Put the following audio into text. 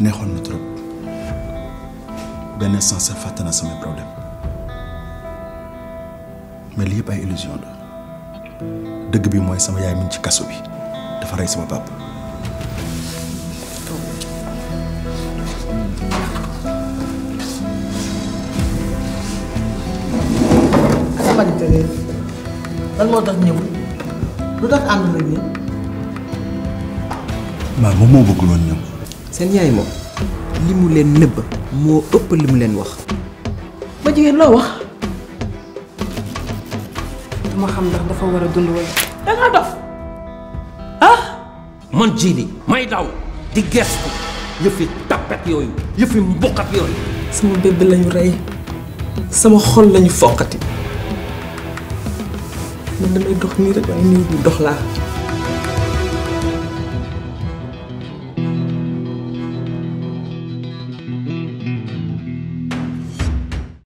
neexoon na trop benn instant fàtte naa samay problème mais li yëpp ay illusion la dëgg bi mooy sama yaay mi ci kaso bi dafa rey sama papa. lan moo tax ñëw lu tax ànd la ñu. maa moom moo bëggul woon ñëw. seen yaay moom li mu leen nëbb moo ëpp li mu leen wax. ba jigéen loo wax. dama xam ndax dafa war a dund wala. da ngaa dof ah? man jii may daw di gestu yëfi tapet yooyu yëfi mbuqat yooyu. sama bébé lañu rey sama xol lañu foqati man damay dox nii rek nii dox laa.